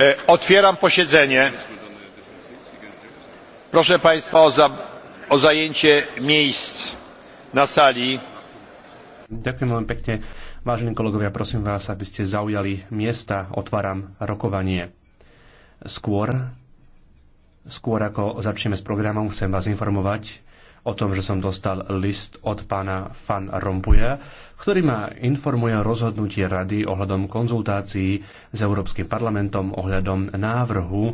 E, otwieram posiedzenie proszę państwa o, za, o zajęcie miejsc na sali Ďakujem veľmi pekne. Vážení kolegovia, prosím vás, aby ste zaujali miesta. Otváram rokovanie. Skôr, skôr ako začneme s programom, chcem vás informovať, o tom, že som dostal list od pána Fan Rompuja, ktorý ma informuje o rozhodnutí rady ohľadom konzultácií s Európskym parlamentom ohľadom návrhu